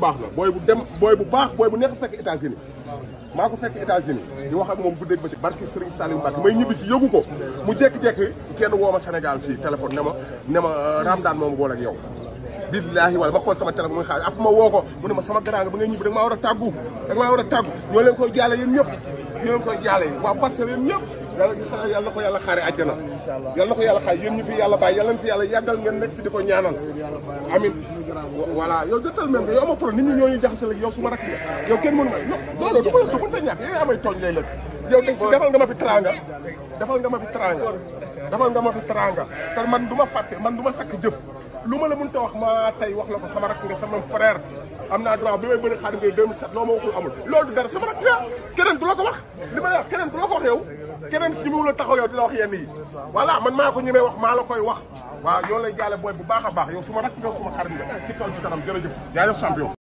baax na booy bu dem booy bu baax booy bu nekk fekk États-Unis maa ko fekk États-Unis di moom bu dégg ba ci barki Serigne Salim Mbacke may ñibbi si yóbbu ko mu jékki-jékki kenn woo ma Sénégal fii téléphone ne ma ne ma euh, Ramadane moom boole ak yow billaahi wala ma xool sama téléphone muy xaar af ma woo mu ne ma sama garanga ba ngay ñibbi da nga war a tàggu da nga war a tàggu ñoo leen koy jaale yéen ñëpp ñoo leen koy jaale waa parcelle yéen ñëpp yàlla ñu sax yàlla ko yàlla xaare àjjana yàlla ko yàlla xaar yéen ñu fi yàlla bàyyi yàlla fi yàlla yàggal ngeen nekk fi di ko ñaanal amin voilà yow jotal même nga yow ama problème nit ñi ñooñu jaxase la yow suma rak nga yow kenn mënu ma loolu du ma la dugg te ñàkk yow amay tooñ lay lëkk yow teg si defal nga ma fi tranga defal nga ma fi tranga defal nga ma fi tranga te man du ma fàtte man du ma sakk jëf lu ma la wax ma tey wax la sama rak nga sama frère am droit bi may bëri xaar 2007 loo ma waxul amul loolu dara sama rak nga keneen du la wax li wax keneen du la wax yow كنن تيمول تاخو دي واخ يني فوالا من ماكو نيمي واخ مالاكوي واخ وا يولا جالا بوي بو باخا باخ يو نك يو خاربي سي كاو سي تانم جيرو جيف جالا شامبيون